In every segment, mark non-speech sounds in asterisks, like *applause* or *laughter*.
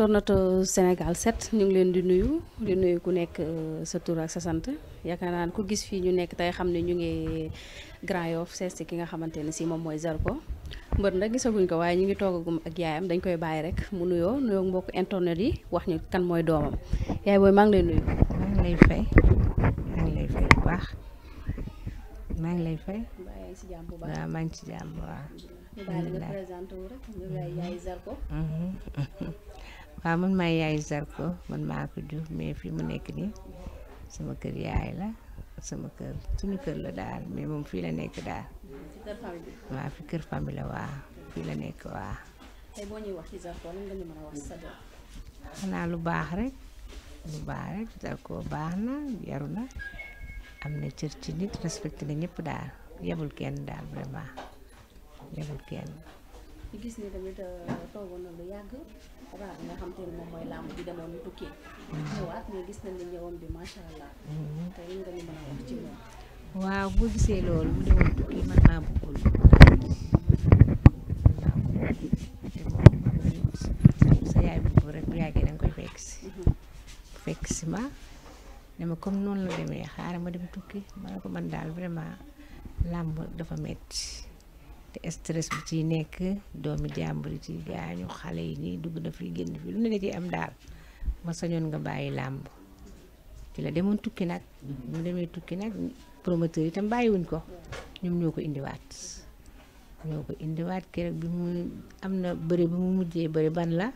tornato Sénégal 7 ñu ngi leen di nuyu di nuyu ku nekk euh, sa tur ak sa sant yaakaar naa ku gis fii ñu nekk tey xam ne ñu ngi Grand Yoff sees ki nga xamante ne si moom mooy Zarko mbët nag gisaguñ ko waaye ñu ngi toogagum ak yaayam dañ koy bàyyi rek mu nuyoo nuyoo mbokk internet yi wax ñu kan mooy doomam yaay booy maa ngi lay nuyu. maa ngi lay fay maa ngi lay fay bu baax maa ngi lay fay. maa ngi ci jàmm bu baax waaw maa ngi ci jàmm waa man maay yaay Zarko man maa ko jur mais fi mu nekk nii sama kër yaay la sama kër suñu kër la daal mais moom fii la nekk daal waaw fi kër famille la waaw fii la nekk waaw xanaa lu baax rek lu baax rek Zarko baax na yaru na am na cër ci nit respecté na ñëpp daal yebul kenn daal vraiment yebul kenn ñu gis ni tamit euh, toogoon na lu yàgg waaw nga xam te ne moom mooy làmb bi demoon mm-hmm. ñu tukkee ñëwaat waaw boo gisee loolu bu demoon tukki man maa bëggoon sa yaay bu rek bu yàggee da koy fekk si. Mm-hmm. fekk si ma ne ma comme noonu la demee xaaral ma dem tukki ma ne ko man daal vraiment làmb dafa metti te stress bi ciy nekk doomi jàmbur ci gaañu xale yi nii dugg na fi génn fii lu ne da am daal ma sañoon nga bàyyi làmb ki la demoon tukki nag mu demee tukki nag promoteur itam bàyyiwuñ ko ñoom ñoo ko indiwaat ñoo ko indiwaat keroog bi mu am na bëre bi mu mujjee bëre ban la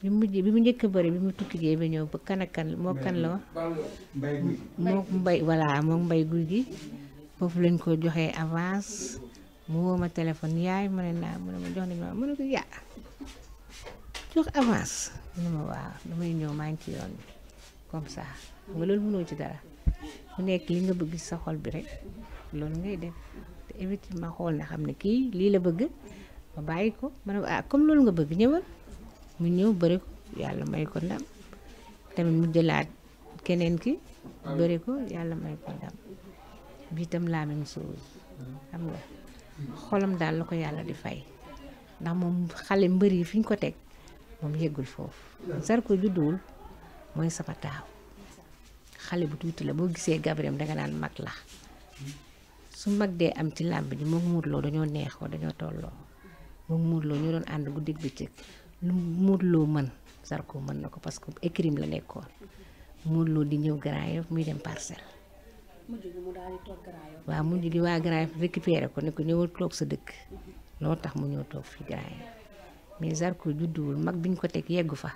bi mu mujjee bi mu njëkk a bëre bi mu tukki jee ba ñëw ba kan ak kan moo kan la moo mbay voilà moo mbay guy gi foofu lañ ko joxee avance mu woo ma téléphone yaay ma ne naa mu ne ma jox nañ ma ma ne ko yaa jox avance mu ne ma waaw damay ñëw maa ngi ci yoon bi comme ça nga loolu mënoo ci dara mu nekk li nga bëgg sa xol bi rek loolu ngay def te effectivement xool na xam ne kii lii la bëgg ma bàyyi ko ma ne ko ah comme loolu nga bëgg ñëwal mu ñëw bëri ko yàlla may ko ndam tamit mu jëlaat keneen ki bëri ko yàlla may ko ndam bi tam la même chose xam nga. xolam daal la ko yàlla di fay ndax moom xale mbër yi fi ñu ko teg moom yëggul foofu Zarko judduwul mooy sama taaw xale bu tuuti la boo gisee Gabriel danga naan mag la su mag dee am ci làmb ji moom Modou Lo dañoo neexoo dañoo tolloo moom Modou loo ñu doon ànd guddi bëccëg lu muut Lo mën sarko mën na ko parce que écrim la nekkoon Modou Lo di ñëw Grand Yoff muy dem parcelle waaw mujj gi waa Grand Yoff récupéré ko ne ko toog sa dëkk loolu tax mu ñëw toog fi Grand mais Zarko judduwul mag biñ ko teg yeggu fa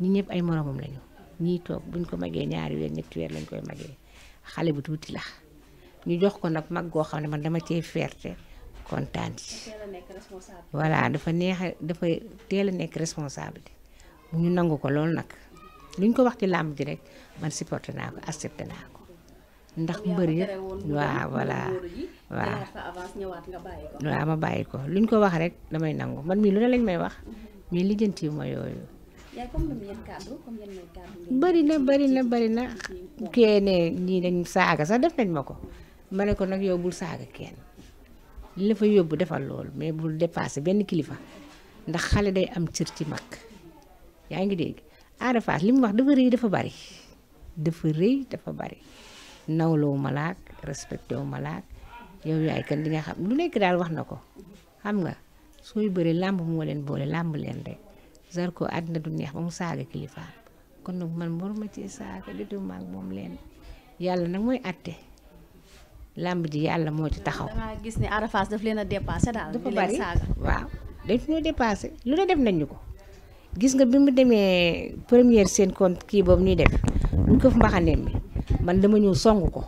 ñi ñëpp ay moromam lañu ñii toog buñ ko magee ñaari weer ñetti weer lañ koy magee xale bu tuuti la ñu jox ko nag mag goo xam ne man dama cee fierté kontaan ci walla dafa neex dafa teel a nekk responsable ñu nangu ko loolu nag luñ ko wax ci làmb ji rek man supporté naa ko accepté naa ko ndax mbër yëpp waaw voilà waaw ma bàyyi ko luñ ko wax rek damay nangu man mii lu ne lañ may wax mais lijjanti ma yooyu bari na bari na bari na kee ñii dañ saaga sax def nañ ma ko ma ne ko nag yow bul saaga kenn li la fa yóbbu defal loolu mais bul dépassé benn kilifa ndax xale day am cër ci mag yaa ngi dégg Ada Fass li mu wax dafa rëy dafa bari dafa rëy dafa bari nawloo ma laag respecté wu ma laag yow yaay kan li nga xam lu nekk daal wax na ko xam nga sooy bëri làmb moo leen boole làmb leen rek Zarko àddina du neex ba mu saaga kilifaam kon nag man waruma ci saaga didu maag moom leen yàlla nag mooy àtte làmb ji yàlla moo ci taxaw. gis ne Arafas daf leen a dépassé daal. dafa bari waaw dañ ñoo dépassé lu ne def nañ ñu ko. gis nga bi mu demee première seen compte kii boobu ñuy def ñu këf mbaxaneem bi man dama ñëw song ko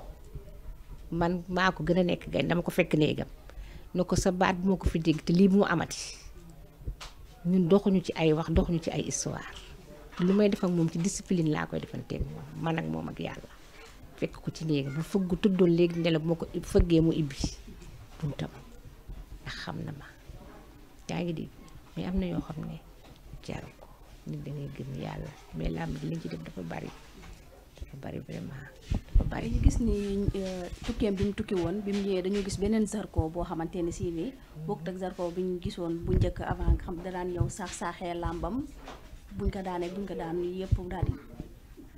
man maa ko gën a nekk gaynde dama ko fekk néegam ne ko sa baat moo ko fi dégg te lii bu mu amati ñun doxuñu ci ay wax doxuñu ci ay histoire lu may def moom ci discipline laa koy defanteeg moom man ak moom ak yàlla fekk ko ci néegam bu fëgg tëddoon léegi ne la bu ma ko fëggee mu ibbi buntam ndax xam na ma yaa ngi dégg mais am na yoo xam ne jaru ko nit da ngay gëm yàlla mais làmb liñ ci def dafa bari. dafa bari vraiment dafa bari. ñu gis ni euh, tukkeem bi mu tukki woon bi mu ñëwee dañoo gis beneen Zarko boo xamante ne sii nii bokkut ak Zarko bi ñu gisoon bu njëkk avant xam xam danaan ñëw saax saaxee làmbam buñ ko daanee buñ ko daan yëpp daal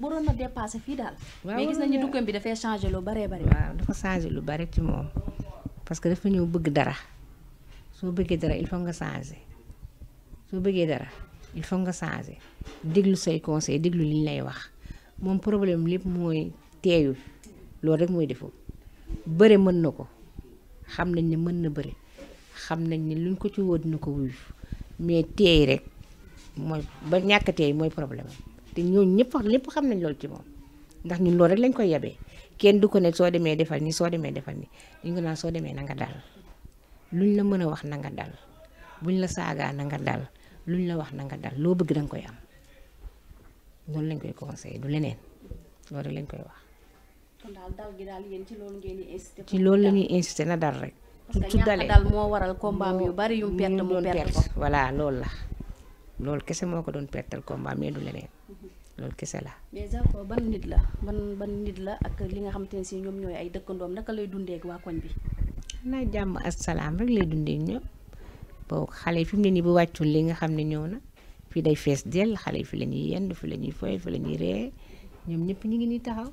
waroon na dépassé fii daal. mais gis nañu tukkeem bi dafay changé lu baree bari. waaw dafa changé lu bari ci moom parce que dafa ñëw bëgg dara soo bëggee dara il faut nga changé soo bëggee dara il faut nga changé déglu say déglu li lay wax. moom problème lépp mooy teeyul loolu rek mooy defoo bëre mën na ko xam nañ ni mën na bëri xam nañ ni luñ ko ci woo dina ko wuyu mais teey rek mooy ba ñàkk teey mooy problème te ñooñu ñëpp lépp xam nañ loolu ci moom ndax ñun loolu rek lañ koy yabee kenn du ko ne soo demee defal ni soo demee defal ni dañ ko naan soo demee nanga nga dal luñ la mën a wax na nga dal buñ la saagaa na nga dal luñ la wax nanga nga dal loo bëgg danga koy am noonu lañ koy conseillé du leneen loolu lañ koy wax. daal dal gi daal yéen ci loolu ngeen di loolu la ñuy na dal rek. su dalee moo waral combat yu bari yu mu perte mu perte ko voilà loolu la loolu kese moo ko doon pertal kombam mais du leneen. loolu kese la. mais Zarko ban nit la ban ban nit la ak li nga xamante ne si ñoom ñooy ay dëkkandoom naka lay dundeek waa koñ bi. naa jàmm ak salaam rek lay dundee ñoom boo xale fi mu ne nii bu wàccul li nga xam ne ñëw na fii day fees dell xale yi fi la ñuy yendu fi la ñuy foy fi la ñuy ree ñoom ñëpp ñu ngi nii taxaw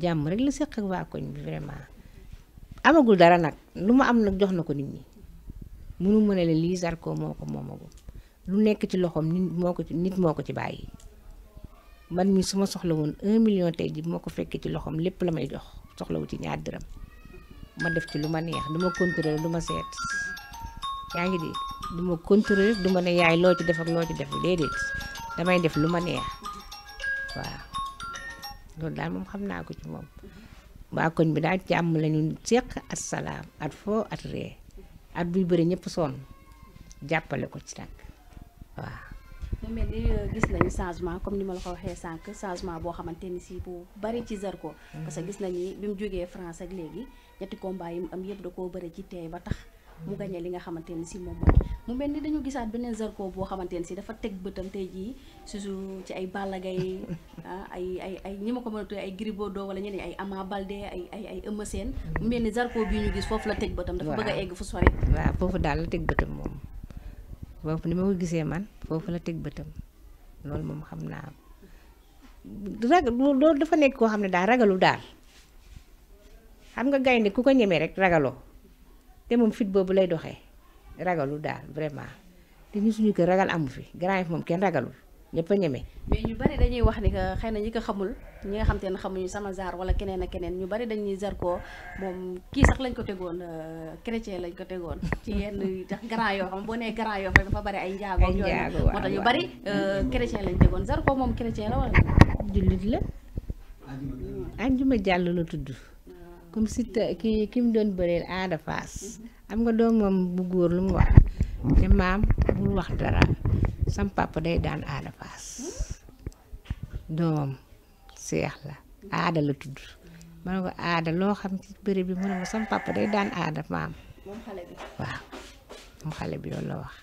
jàmm rek la seq ak waa koñ bi vraiment amagul dara nag lu ma am nag jox na ko nit ñi munu mën a leen lii Zarko moo ko moomagul lu nekk ci loxoom nit moo ko ci nit moo ko ci bàyyi man mi su ma soxla woon un million tey ji moo ko fekkee ci loxoom lépp la may jox soxlawu ci ñaar dërëm ma def ci lu ma neex du ma contrôler ma seet yaa ngi dégg lu ma contrôler du ma ne yaay loo ci def ak loo def déedéet damay def lu ma neex waaw loolu daal moom xam naa ko ci moom waa koñ bi daal jàmm lañu seq at salaam at foo at ree at buy bëri ñëpp sonn jàppale ko ci nag waaw. mu mel ni euh, gis nañu changement comme ni ma la ko waxee sànq changement boo xamante ni si bu bari ci Zarko. Mm-hmm. parce que gis nañu bi mu jógee France ak léegi ñetti combat yi mu am yëpp da koo bëri ci teey ba tax. mu gagné li nga xamante ne si moom mooy mu mel ni dañu gisaat beneen Zarko boo xamante ne si dafa teg bëtam tey jii susu ci ay Balla Gaye *laughs* ah, ay ay ay ñi ma ko mën a tuddee ay Gris Bordeaux wala ñeneen ay Ama Baldé ay ay ay Eumeu mu mel ni Zarko bi ñu gis foofu la teg bëtam dafa bëgg a egg fu sori waaw foofu daal la teg bëtam moom foofu ni ma ko gisee man foofu la teg bëtam loolu moom xam naa rag loolu dafa nekk koo xam ne daal ragalu daal xam nga gaynde ku ko ñemee rek ragaloo te moom fit boobu lay doxee ragalul daal vraiment te ñu suñu kër ragal amu fi grand yi moom kenn ragalul ñëpp a ñeme. ñu bari dañuy wax ni que xëy na ñi ko xamul nga xam te ne xamuñu sama genre wala keneen ak keneen ñu bari dañuy Zarko moom kii sax lañ ko tegoon euh, chrétien lañ ko tegoon. ci yenn tax grand yoo xam boo nee grand dafa bari ay njaago. ay njaago ñu bari euh, chrétien lañ tegoon Zarko moom chrétien la wala. jullit la. àjjuma jàll la tudd. comme si ki ki mu doon bëreel aada faas am nga doomam bu góor lu mu wax ne maam bul wax dara sam day daan aada faas doomam seex aada la tudd ma ne ko aada loo xam ci bëri bi mu ne ma sam day daan aada maam waaw moom xale bi loolu la wax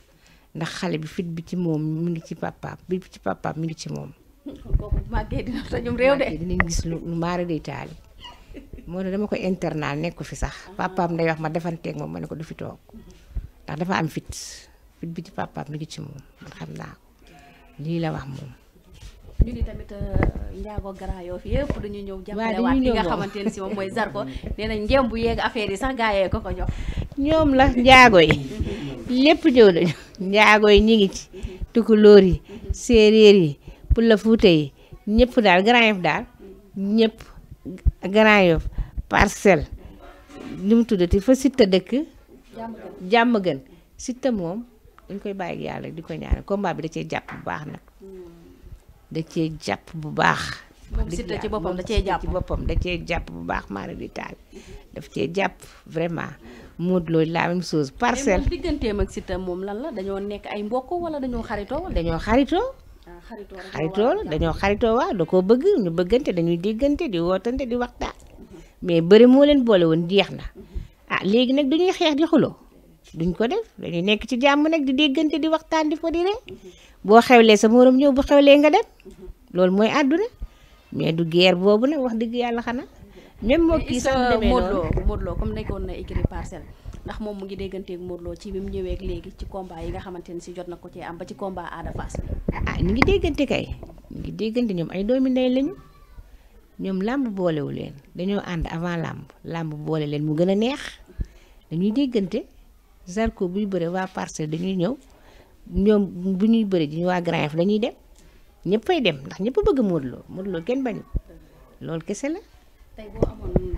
ndax xale bi fit bi ci moom mi mi ngi ci moom. *laughs* kooku bu gis lu maara day taali moo ne dama ko internat nekku fi sax papaam day wax ma defanteeg moom ma ne ko du fi ndax dafa am fit fit bi ci papaam mi ngi ci moom man xam naa lii la wax moom. ñu ni tamit euh, njaago Grand Yoff yëpp dañuy ñëw jàppale waat si mooy Zarko nee nañ affaire yi sax gaa yee ko la njaago yi lépp ñëw nañu yi ñu ngi ci tukulóor yi séeréer yi pulafuute yi ñëpp daal Grand Yoff daal ñëpp. Grand Yoff parcelle li mu tuddati fa Siteu dëkk jàmm gën Siteu moom dañ koy bàyyi yàlla di ko ñaanal combat bi da cee jàpp bu baax nag da cee jàpp bu baax Siteu ci boppam da cee jàpp boppam da cee jàpp bu baax maara di taal daf cee jàpp vraiment Modou loolu laa même chose parcelle digganteem ak moom lan la dañoo nekk ay mbokk wala dañoo xaritoo dañoo xaritoo xaritoo la dañoo xaritoo waaw da koo bëgg ñu bëggante dañuy déggante di wootante di waxtaan mais bëri moo leen boole woon jeex na ah léegi nag ñuy xeex di xuloo duñ ko def dañuy nekk ci jàmm nag di déggante di waxtaan di fa di ree boo xewlee sa morom ñëw bu xewlee nga dem loolu mooy àdduna mais du guerre boobu nag wax dëgg yàlla xanaa même moo kii sax demee noonu Modou Lo comme ndax moom mu ngi dégganteeg Modou Lo ci bi mu ñëwee ak léegi ci combat yi nga xamante ne si jot na ko cee am ba ah ñu ngi déggante kay ñu ngi déggante ñoom ay doomi ndey lañu ñoom làmb boolewu leen dañoo ànd avant làmb làmb boole leen mu gën a neex dañuy déggante Zarko buy bëre waa Parcelles dañuy ñëw ñoom bu ñuy bëre ji waa Grand Yoff dem ñëpp fay dem ndax ñëpp bëgg a Modou Lo Modou loolu kese la. tey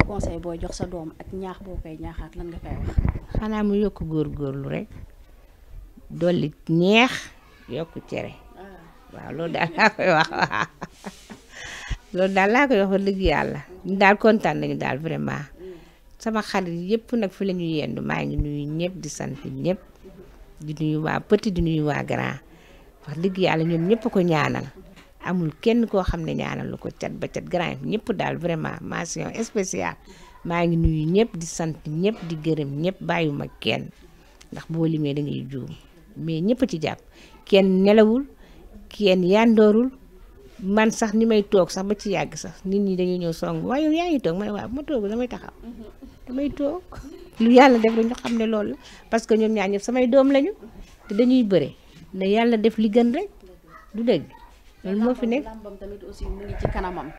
conseil booy jox sa doom ak ñaax boo koy ñaaxaat lan nga koy wax. xanaa mu yokk góor góorlu rek dolli ñeex yokk cere. waaw loolu daal laa koy wax waaw *laughs* loolu daal laa koy wax dëgg yàlla ñu daal kontaan nañu daal vraiment sama xarit yëpp nag fi la ñu yendu maa ngi nuyu ñëpp di sant ñëpp di nuyu waa petit di nuyu waa grand wax dëgg yàlla ñoom ñëpp ko ñaanal amul kenn koo xam ne ñaanal lu ko cat ba cat grand ñëpp daal vraiment mention spéciale maa ngi nuyu ñëpp di sant ñëpp di gërëm ñëpp bàyyiwuma kenn ndax boo limee da ngay juum mais ñëpp ci jàpp kenn nelawul. ak yàndoorul man sax ni may toog sax ba ci yàgg sax nit ñi dañuy ñëw song waaye yaa ngi toog ma ne waaw bu ma toogul damay taxaw damay toog lu yàlla def rek ñu xam ne lool la parce que ñoom ñaar ñëpp samay doom lañu te dañuy bëre ne yàlla def li gën rek du dégg loolu moo fi nekk. làmbam tamit aussi mu ngi